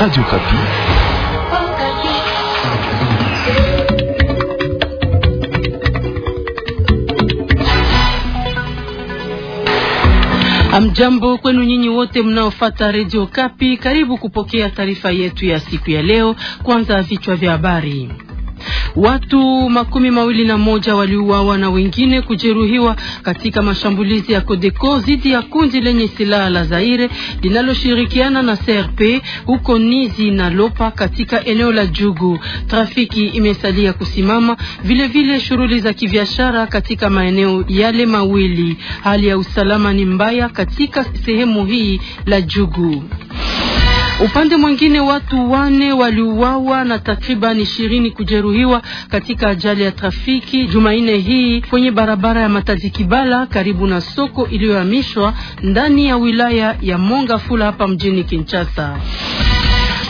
Radio Okapi. Amjambo kwenu nyinyi wote mnaofuata Radio kapi karibu kupokea taarifa yetu ya siku ya leo. Kwanza vichwa vya habari. Watu makumi mawili na moja waliuawa na wengine kujeruhiwa katika mashambulizi ya Codeco dhidi ya kundi lenye silaha la Zaire linaloshirikiana na CRP huko Nizi na Lopa katika eneo la Jugu. Trafiki imesalia kusimama, vile vile shughuli za kibiashara katika maeneo yale mawili. Hali ya usalama ni mbaya katika sehemu hii la Jugu. Upande mwingine watu wane waliuawa na takriban ishirini kujeruhiwa katika ajali ya trafiki Jumanne hii kwenye barabara ya Matadi Kibala karibu na soko iliyohamishwa ndani ya wilaya ya Monga Fula hapa mjini Kinshasa.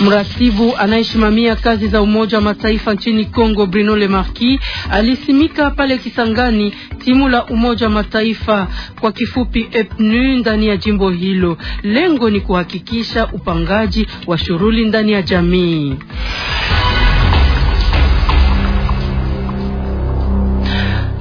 Mratibu anayesimamia kazi za Umoja wa Mataifa nchini Kongo, Bruno Le Marquis, alisimika pale Kisangani timu la Umoja wa Mataifa kwa kifupi EPNU ndani ya jimbo hilo. Lengo ni kuhakikisha upangaji wa shughuli ndani ya jamii.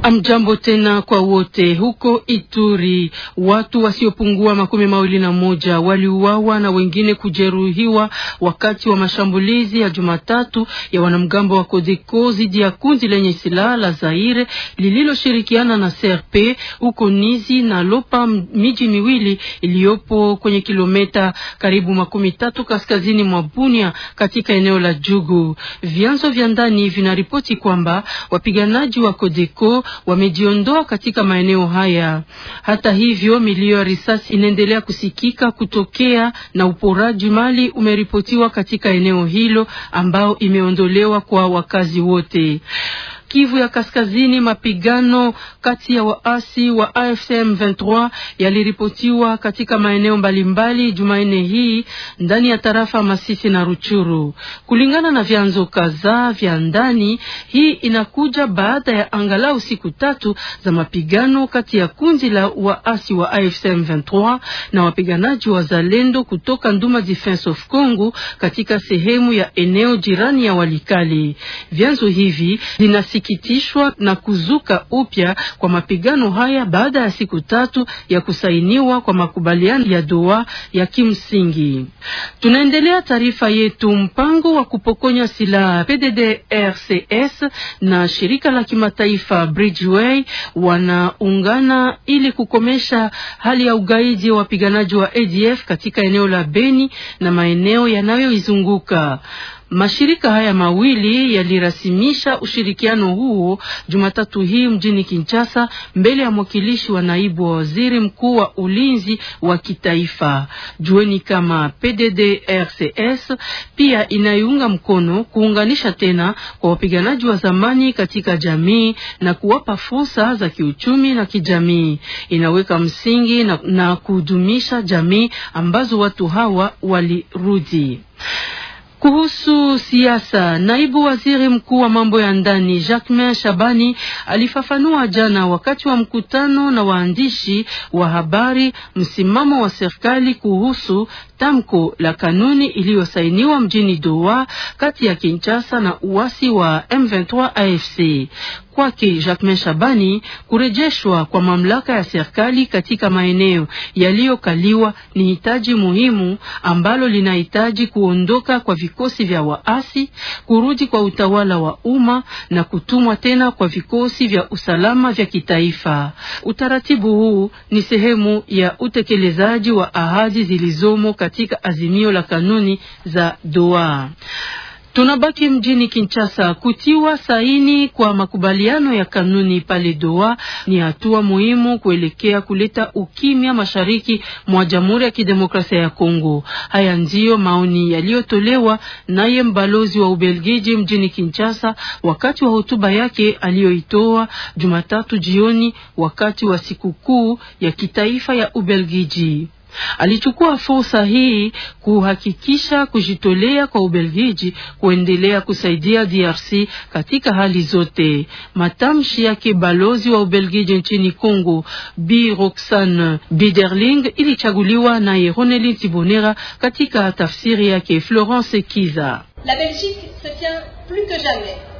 Amjambo tena kwa wote. Huko Ituri, watu wasiopungua makumi mawili na moja waliuawa na wengine kujeruhiwa wakati wa mashambulizi ya Jumatatu ya wanamgambo wa Kodeko dhidi ya kundi lenye silaha la Zaire lililoshirikiana na CRP huko Nizi na Lopa, miji miwili iliyopo kwenye kilometa karibu makumi tatu kaskazini mwa Bunia katika eneo la Jugu. Vyanzo vya ndani vinaripoti kwamba wapiganaji wa Kodeko wamejiondoa katika maeneo haya. Hata hivyo, milio ya risasi inaendelea kusikika kutokea na uporaji mali umeripotiwa katika eneo hilo ambao imeondolewa kwa wakazi wote. Kivu ya Kaskazini, mapigano kati ya waasi wa afm 23 yaliripotiwa katika maeneo mbalimbali Jumanne hii ndani ya tarafa Masisi na Ruchuru. Kulingana na vyanzo kadhaa vya ndani, hii inakuja baada ya angalau siku tatu za mapigano kati ya kundi la waasi wa AFC 23 na wapiganaji wa Zalendo kutoka Nduma Defense of Congo katika sehemu ya eneo jirani ya Walikali. Vyanzo hivi vinasi kusikitishwa na kuzuka upya kwa mapigano haya baada ya siku tatu ya kusainiwa kwa makubaliano ya Doha ya kimsingi. Tunaendelea taarifa yetu. Mpango wa kupokonya silaha PDDRCS na shirika la kimataifa Bridgeway wanaungana ili kukomesha hali ya ugaidi wa wapiganaji wa ADF katika eneo la Beni na maeneo yanayoizunguka. Mashirika haya mawili yalirasimisha ushirikiano huo Jumatatu hii mjini Kinshasa mbele ya mwakilishi wa naibu wa waziri mkuu wa ulinzi wa kitaifa. Jueni kama PDDRCS pia inaiunga mkono kuunganisha tena kwa wapiganaji wa zamani katika jamii na kuwapa fursa za kiuchumi na kijamii. Inaweka msingi na, na kudumisha jamii ambazo watu hawa walirudi. Kuhusu siasa, naibu waziri mkuu wa mambo ya ndani Jacquemain Shabani alifafanua jana wakati wa mkutano na waandishi wa habari msimamo wa serikali kuhusu tamko la kanuni iliyosainiwa mjini Doha kati ya Kinshasa na uasi wa M23 AFC. Kwake Jacquemain Shabani, kurejeshwa kwa mamlaka ya serikali katika maeneo yaliyokaliwa ni hitaji muhimu ambalo linahitaji kuondoka kwa vikosi vya waasi, kurudi kwa utawala wa umma na kutumwa tena kwa vikosi vya usalama vya kitaifa. Utaratibu huu ni sehemu ya utekelezaji wa ahadi zilizomo katika azimio la kanuni za Doha. Tunabaki mjini Kinshasa. Kutiwa saini kwa makubaliano ya kanuni pale Doha ni hatua muhimu kuelekea kuleta ukimya mashariki mwa Jamhuri ya Kidemokrasia ya Kongo. Haya ndiyo maoni yaliyotolewa naye mbalozi wa Ubelgiji mjini Kinshasa wakati wa hotuba yake aliyoitoa Jumatatu jioni wakati wa sikukuu ya kitaifa ya Ubelgiji. Alichukua fursa hii kuhakikisha kujitolea kwa Ubelgiji kuendelea kusaidia DRC katika hali zote. Matamshi yake balozi wa Ubelgiji nchini Kongo Bi Roxane Biderling ilichaguliwa na Roneli Tibonera katika tafsiri yake Florence Kiza. La Belgique se tient plus que jamais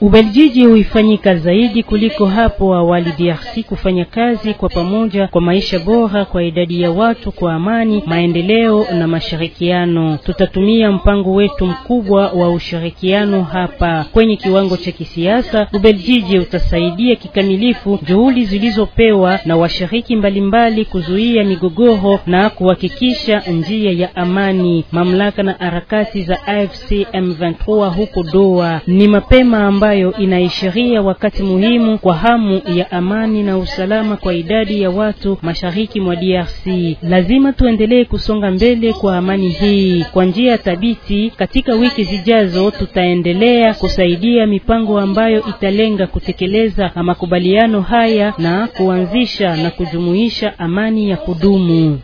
Ubeljiji huifanyika zaidi kuliko hapo awali DRC kufanya kazi kwa pamoja kwa maisha bora kwa idadi ya watu kwa amani, maendeleo na mashirikiano. Tutatumia mpango wetu mkubwa wa ushirikiano hapa kwenye kiwango cha kisiasa. Ubeljiji utasaidia kikamilifu juhudi zilizopewa na washiriki mbalimbali kuzuia migogoro na kuhakikisha njia ya amani. Mamlaka na harakati za AFC M23 huko do kuwa ni mapema ambayo inaishiria wakati muhimu kwa hamu ya amani na usalama kwa idadi ya watu mashariki mwa DRC. Lazima tuendelee kusonga mbele kwa amani hii kwa njia thabiti. Katika wiki zijazo, tutaendelea kusaidia mipango ambayo italenga kutekeleza makubaliano haya na kuanzisha na kujumuisha amani ya kudumu.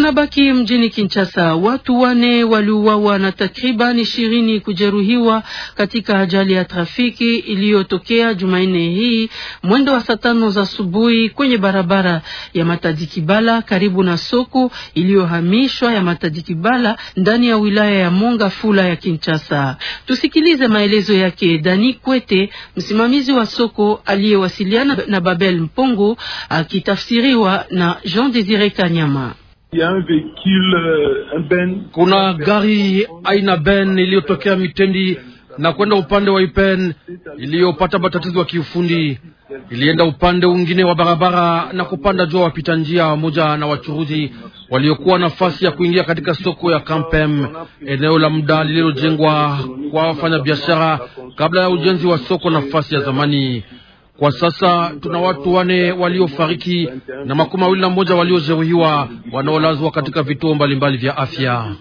Tunabaki mjini Kinshasa. Watu wane waliuawa na takriban ishirini kujeruhiwa katika ajali ya trafiki iliyotokea Jumanne hii mwendo wa saa tano za asubuhi kwenye barabara ya Matadi Kibala karibu na soko iliyohamishwa ya Matadi Kibala ndani ya wilaya ya Monga Fula ya Kinshasa. Tusikilize maelezo yake Dani Kwete, msimamizi wa soko aliyewasiliana na Babel Mpongo akitafsiriwa na Jean Desire Kanyama. Euh, Kuna gari aina Ben iliyotokea Mitendi na kwenda upande wa Ipen iliyopata matatizo ya kiufundi. Ilienda upande mwingine wa barabara na kupanda jua wapita njia moja na wachuruzi waliokuwa nafasi ya kuingia katika soko ya Kampem, eneo la muda lililojengwa kwa wafanyabiashara kabla ya ujenzi wa soko, nafasi ya zamani. Kwa sasa tuna watu wane waliofariki na makumi mawili na moja waliojeruhiwa wanaolazwa katika vituo mbalimbali vya afya.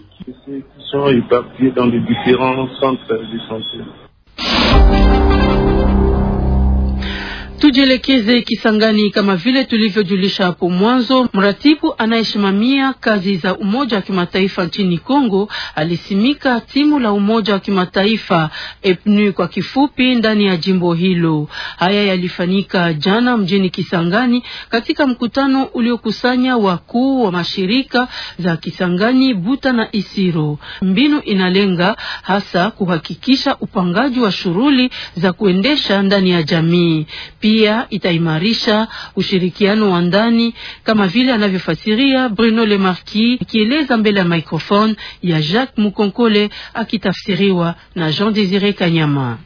Tujielekeze Kisangani. Kama vile tulivyojulisha hapo mwanzo, mratibu anayesimamia kazi za Umoja wa Kimataifa nchini Kongo alisimika timu la Umoja wa Kimataifa EPNU kwa kifupi ndani ya jimbo hilo. Haya yalifanyika jana mjini Kisangani katika mkutano uliokusanya wakuu wa mashirika za Kisangani, Buta na Isiro. Mbinu inalenga hasa kuhakikisha upangaji wa shughuli za kuendesha ndani ya jamii. Pia itaimarisha ushirikiano wa ndani kama vile anavyofasiria Bruno Le Marquis, akieleza mbele ya microphone ya Jacques Mukonkole akitafsiriwa na Jean Desire Kanyama.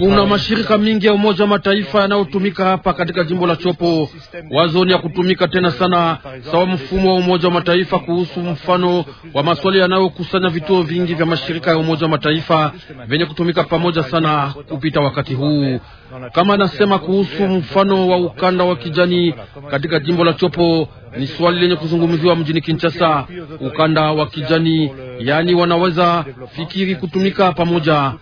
Kuna mashirika mingi ya Umoja wa Mataifa yanayotumika hapa katika jimbo la Chopo. Wazo ni ya kutumika tena sana sawa mfumo wa Umoja wa Mataifa kuhusu mfano wa maswali yanayokusanya vituo vingi vya mashirika ya Umoja wa Mataifa vyenye kutumika pamoja sana kupita wakati huu, kama anasema kuhusu mfano wa ukanda wa kijani katika jimbo la Chopo ni swali lenye kuzungumziwa mjini Kinshasa. Ukanda wa kijani, yaani wanaweza fikiri kutumika pamoja,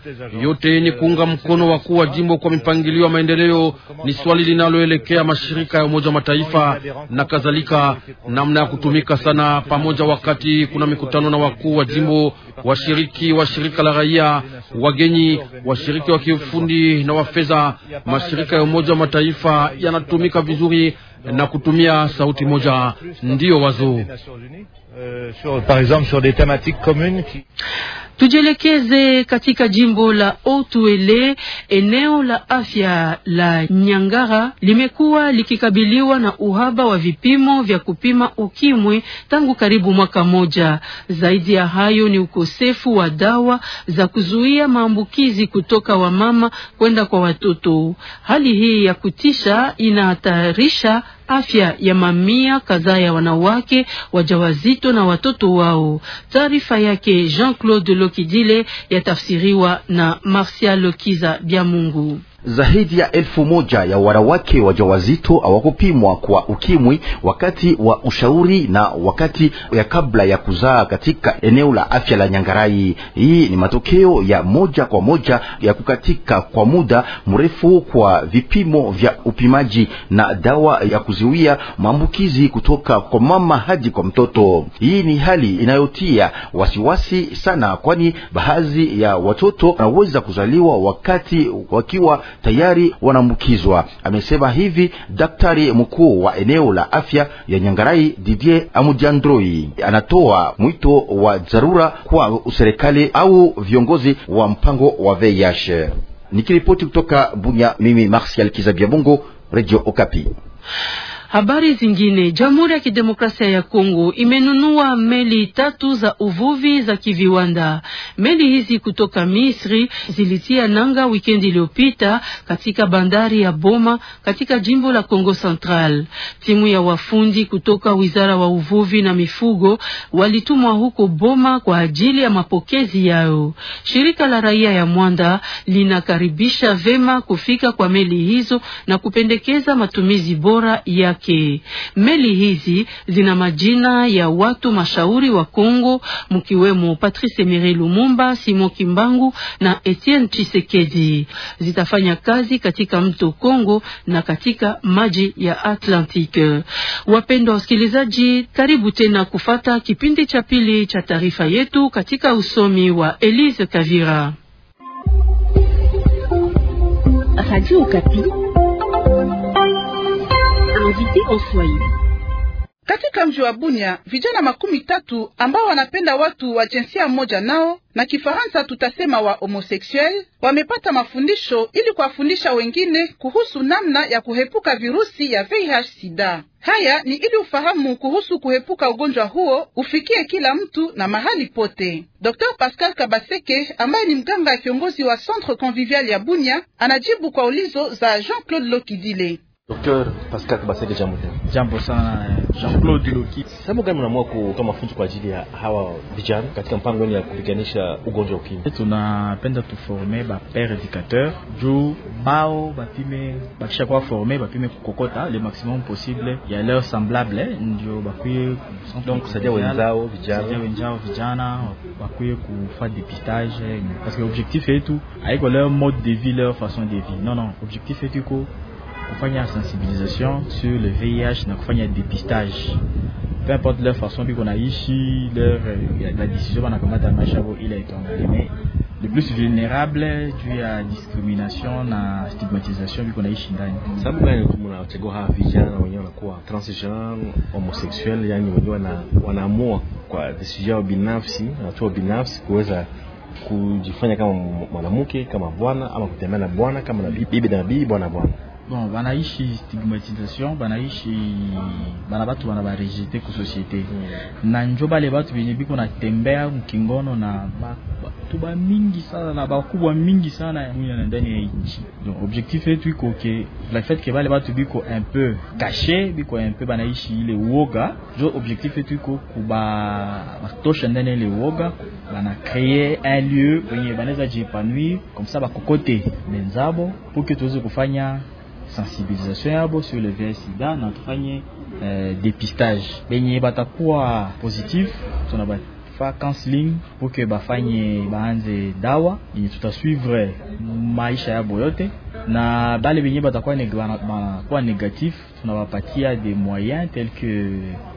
yote yenye kuunga mkono wakuu wa jimbo kwa mipangilio ya maendeleo, ni swali linaloelekea mashirika ya Umoja wa Mataifa na kadhalika, namna ya kutumika sana pamoja wakati kuna mikutano na wakuu wa jimbo, washiriki wa shirika la raia, wagenyi, washiriki wa kiufundi na wafedha Mashirika ya Umoja wa Mataifa yanatumika vizuri Nakutumia, Sao sauti moja, Oazo. Euh, par exemple, sur des thématiques communes qui... Tujielekeze katika jimbo la Otuele. Eneo la afya la Nyangara limekuwa likikabiliwa na uhaba wa vipimo vya kupima ukimwi tangu karibu mwaka moja. Zaidi ya hayo ni ukosefu wa dawa za kuzuia maambukizi kutoka wamama kwenda kwa watoto. Hali hii ya kutisha inahatarisha afya ya mamia kadhaa ya wanawake wajawazito na watoto wao. Taarifa yake Jean-Claude Lokidile yatafsiriwa na Martial Kiza mungu zaidi ya elfu moja ya wanawake wajawazito hawakupimwa kwa ukimwi wakati wa ushauri na wakati ya kabla ya kuzaa katika eneo la afya la Nyangarai. Hii ni matokeo ya moja kwa moja ya kukatika kwa muda mrefu kwa vipimo vya upimaji na dawa ya kuziwia maambukizi kutoka kwa mama hadi kwa mtoto. Hii ni hali inayotia wasiwasi sana, kwani baadhi ya watoto wanaweza kuzaliwa wakati wakiwa tayari wanaambukizwa. Amesema hivi daktari mkuu wa eneo la afya ya Nyangarai Didier Amudiandroi. Anatoa mwito wa dharura kwa serikali au viongozi wa mpango wa VIH. Nikiripoti kutoka Bunya, mimi Martial Kizabia bungo Radio Okapi. Habari zingine, Jamhuri ya Kidemokrasia ya Kongo imenunua meli tatu za uvuvi za kiviwanda. Meli hizi kutoka Misri zilitia nanga wikendi iliyopita katika bandari ya Boma katika jimbo la Kongo Central. Timu ya wafundi kutoka Wizara wa Uvuvi na Mifugo walitumwa huko Boma kwa ajili ya mapokezi yao. Shirika la raia ya Mwanda linakaribisha vema kufika kwa meli hizo na kupendekeza matumizi bora ya wake. Meli hizi zina majina ya watu mashauri wa Kongo, mkiwemo Patrice Emery Lumumba, Simon Kimbangu na Etienne Tshisekedi. Zitafanya kazi katika mto Kongo na katika maji ya Atlantike. Wapendwa wasikilizaji, karibu tena kufata kipindi cha pili cha taarifa yetu katika usomi wa Elise Kavira. Radio Kapi. Katika mji wa Bunia, vijana makumi tatu ambao wanapenda watu wa jinsia moja nao na Kifaransa tutasema wa homosexuel wamepata mafundisho ili kuwafundisha wengine kuhusu namna ya kuhepuka virusi ya VIH sida. Haya ni ili ufahamu kuhusu kuhepuka ugonjwa huo ufikie kila mtu na mahali pote. Dr Pascal Kabaseke ambaye ni mganga ya kiongozi wa Centre Convivial ya Bunia anajibu kwa ulizo za Jean-Claude Lokidile. Docteur Pascal Kabaseke, de Jambo Jean-Claude Loki. mnaamua kwa ajili ya hawa vijana katika mpango wenu ya kupiganisha ugonjwa éducateur bao le maximum possible ya leo semblable, ndio donc vijana, vijana parce que objectif mode de vie leur façon de vie. Non non, objectif du coup. kufanya sensibilisation sur le VIH na kufanya depistage peu importe leur façon biko naishi leur la decision banakamata maisha yabo ile itongaleme le plus vulnerable juu ya discrimination na stigmatisation biko naishi ndani. Sababu gani mnawachagua hawa vijana wenyewe wanakuwa transgender, homosexuel, yani wenyewe wanaamua kwa decision yao binafsi, hatua binafsi kuweza kujifanya kama mwanamke kama bwana ama kutembea na bwana kama na bibi na bibi, bwana bwana bon banaishi stigmatisation banaishi bana batu bana barejete ku société mm. na njo bale batu benye biko natembea mkingono na batu mingi sana na bakubwa mingi sana ya na ndani ya nchi donc objectif yetu iko ke la fait ke bale batu biko un peu caché biko un peu banaishi ile uoga jo objectif yetu iko kuba batosha ndani ile uoga bana créer un lieu benye banaweza jiepanouir comme ça bakokote menzabo pour que tuweze kufanya sensibilisation yabo sur le VIH sida natufanye eh, euh, dépistage benye batakuwa positive tunabafaa counseling poke bafanye baanze dawa yenye tutasuivre maisha yabo yote, na bale benye batakuwa neg banakuwa negatif tunabapatia des moyens tel que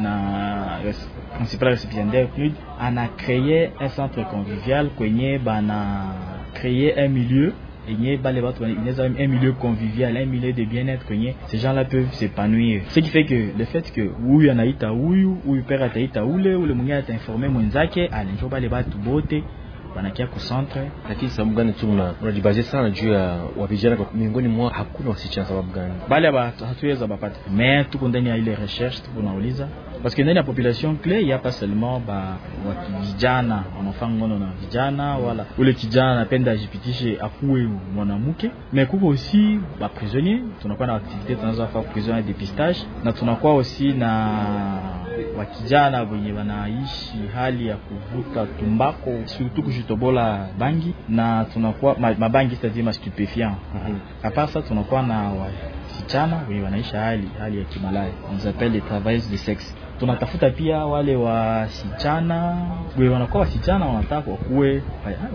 na principal recipiendaire ana anacreye un centre convivial kwenye bana créer un milieu enye bale batu inaweza un milieu convivial un milieu de bien-être kwenye ces gens-là peuvent s'épanouir ce qui fait que le fait que huyu anaita huyu huyu père ataita ule ule mwingine atainforme mwenzake alinjo bale batu bote wanakia ku centre. Lakini sababu gani tu mnajibazie sana juu ya wavijana, miongoni mwa hakuna wasichana? Sababu gani bale hatuweza bapata? Me tuko ndani ya ile recherche, tuko nauliza parce que ndani ya population clé ya hapa seulement ba wakivijana wanafa ngono na vijana, wala ule kijana anapenda ajipitishe akuwe mwanamke. Me kuko aussi ba prisonnier, tunakuwa na activité tunazofaa ku prison ya dépistage, na tunakuwa aussi na wakijana wenye wanaishi hali ya kuvuta tumbako surtout kujitobola bangi, na tunakuwa mabangi ma c'est-à-dire ma stupéfiant. Hapana, mhm. tunakuwa na wa, wasichana wenye wanaisha hali hali ya kimalaya, on s'appelle les travailleuses de sexe. Tunatafuta pia wale wasichana we wanakuwa wasichana wanataka wakuwe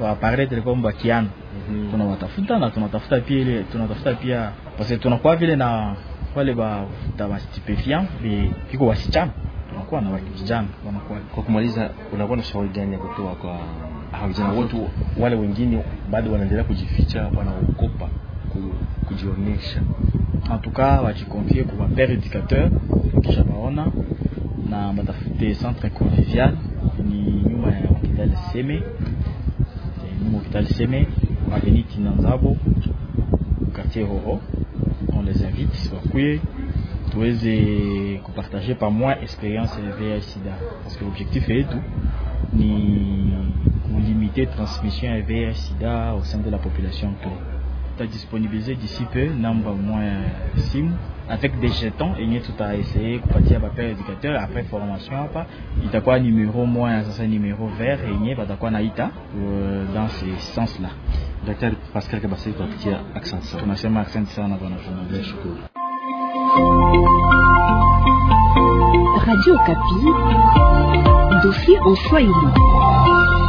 waparete kwamba kiana mm -hmm. tunawatafuta na tunatafuta pia ile tunatafuta pia parce tunakuwa vile na wale ba ba stupéfiant biko wasichana tunakuwa na vijana wanakuwa. Kwa kumaliza, unakuwa na shauri gani ya kutoa kwa hao vijana ah, wote wale wengine bado wanaendelea kujificha, wanaokopa kujionyesha? En tout cas, antuka wajikonfie père pere educateur kisha waona na batafute centre convivial ni nyuma ya hopital Seme, nyuma hopital Seme dans les quartier Roro. On les invite wakuye tuweze moi pamoja experience VIH sida, parce que l'objectif est de limiter la transmission ya VIH sida au sein de la population clé à disponibiliser d'ici peu nombre moins sim avec des jetons et tout à yenye partir à père éducateur après formation il quoi numéro moins ça c'est numéro vert et yenye batakuwa naita euh, dans ce sens là Dr. Pascal Kabasai kwa kutia accent sana. Tunasema accent sana bwana journalist. Nashukuru. Radio Capi, dossier en Swahili.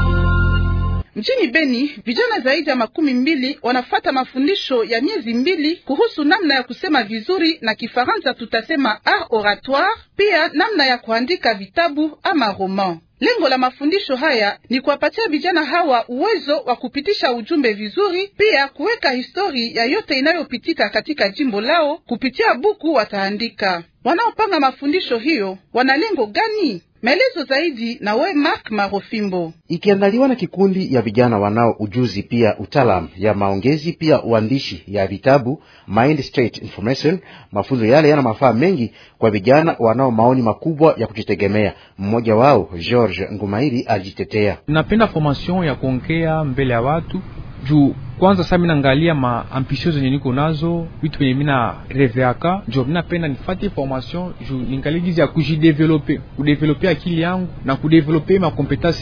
Mjini Beni vijana zaidi ya makumi mbili wanafata mafundisho ya miezi mbili kuhusu namna ya kusema vizuri na Kifaransa tutasema art oratoire, pia namna ya kuandika vitabu ama roman. Lengo la mafundisho haya ni kuwapatia vijana hawa uwezo wa kupitisha ujumbe vizuri, pia kuweka histori ya yote inayopitika katika jimbo lao kupitia buku wataandika. Wanaopanga mafundisho hiyo wana lengo gani? Maelezo zaidi na we Mark Marofimbo. Ikiandaliwa na kikundi ya vijana wanao ujuzi pia utaalam ya maongezi pia uandishi ya vitabu Mind Straight Information. Mafunzo yale yana mafaa mengi kwa vijana wanao maoni makubwa ya kujitegemea. Mmoja wao George Ngumairi alijitetea, napenda formation ya kuongea mbele ya watu juu kwanza saa minaangalia ma ambition zenye niko nazo, vitu vyenye mina reveaka, njo minapenda nifate formation juu ningali gizi ya kujidevelope, kudevelope akili yangu na kudevelope ma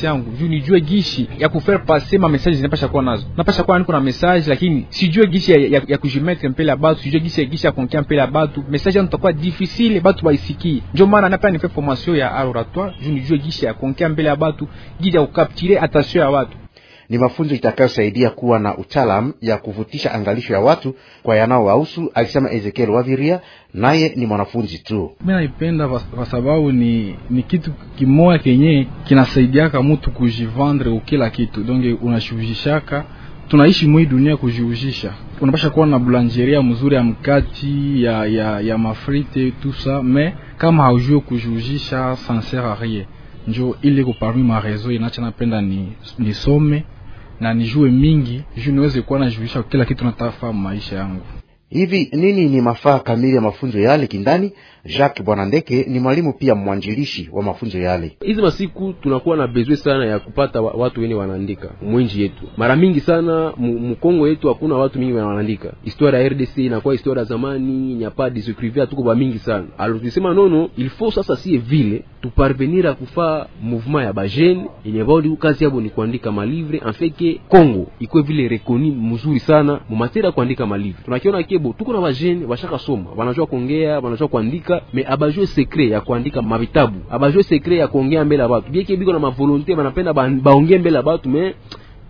yangu, juu nijue gishi ya kufaire pase ma message zinapasha kuwa nazo. Napasha kuwa niko na message, lakini sijue gishi ya, ya, ya kujimetre mbele ya batu, sijue gishi ya gishi ya konkia mbele ya batu. Message yangu itakuwa difficile batu baisikie, njo maana napenda nifaire formation ya oratoire, juu nijue gishi ya konkia mbele ya batu, gishi ya kukaptire attention ya watu ni mafunzo itakayosaidia kuwa na utaalam ya kuvutisha angalisho ya watu kwa yanaowahusu, alisema Ezekiel Waviria, naye ni mwanafunzi tu. Mi naipenda kwa sababu ni, ni kitu kimoya kenye kinasaidiaka mutu kujivandre ukila kitu donge unashuvishaka tunaishi mwi dunia kujiuzisha, unapasha kuwa na bulanjeria mzuri ya mkati ya, ya, ya mafrite tusa me kama haujue kujiuzisha, sanserarie Njo ili kuparmi marezo inachanapenda inacha napenda ni nisome na nijue mingi juu niweze kuwa najulisha kila kitu natafa maisha yangu. Hivi nini ni mafaa kamili ya mafunzo yale kindani? Jacques Bwana Ndeke ni mwalimu pia mwanjilishi wa mafunzo yale. Hizi masiku tunakuwa na bezwe sana ya kupata watu wenye wanaandika mwinji yetu. Mara mingi sana mkongo yetu hakuna watu mingi wanaandika historia ya RDC, inakuwa historia ya zamani nyapa disokrivia tuko ba mingi sana alotusema nono il sasa sie vile tuparvenir a kufaa mouvement ya bajene yenye bao kazi yabo ni kuandika malivre en Kongo ikwe vile rekoni mzuri sana mumatera kuandika malivre tunakiona bo tuko na wajeni washaka soma, wanajua kuongea, wanajua kuandika, me abajue secret ya kuandika mavitabu, abajue secret ya kuongea mbele ya batu bieke biko na mavolonte, banapenda baongee mbele ya batu me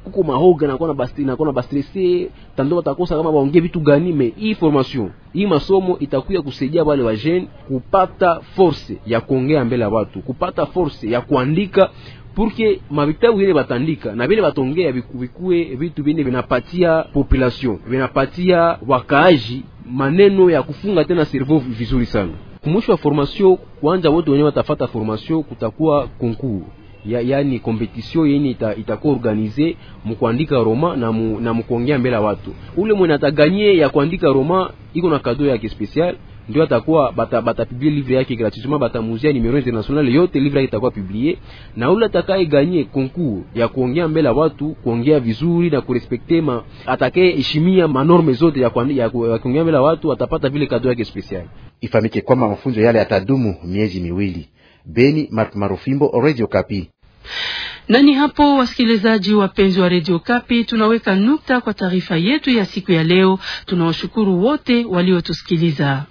kuko mahoga nakuwa na bastrese tando batakosa kama baongee vitu gani. Me hii formation hii masomo itakuya kusaidia wale wajeni kupata force ya kuongea mbele ya watu, kupata force ya kuandika purke mavitabu yene batandika na vile batongea vikue vitu vine vinapatia population vinapatia wakaaji maneno ya kufunga tena servo vizuri sana. Kumwisho wa formation kwanza, wote wenyewe watafata formation, kutakuwa concours ya, yani competition yenye ita, itakuwa organize mukuandika roma na, mu, na mukuongea mbele ya watu. Ule mwenye ataganye ya kuandika roma iko na kado yake special ndio atakuwa bata bata batapiblie livre yake gratuitement, bata muzia numero international yote, livre yake itakuwa publie, na ule atakaye gagner concours ya kuongea mbele watu, kuongea vizuri na kurespecte ma atakaye heshimia manorme zote ya kuongea mbele watu atapata vile kado yake special. Ifahamike kwamba mafunzo yale yatadumu miezi miwili. Beni Mark Marufimbo, Radio Kapi. Na ni hapo, wasikilizaji wapenzi wa Radio Kapi, tunaweka nukta kwa taarifa yetu ya siku ya leo. Tunawashukuru wote waliotusikiliza.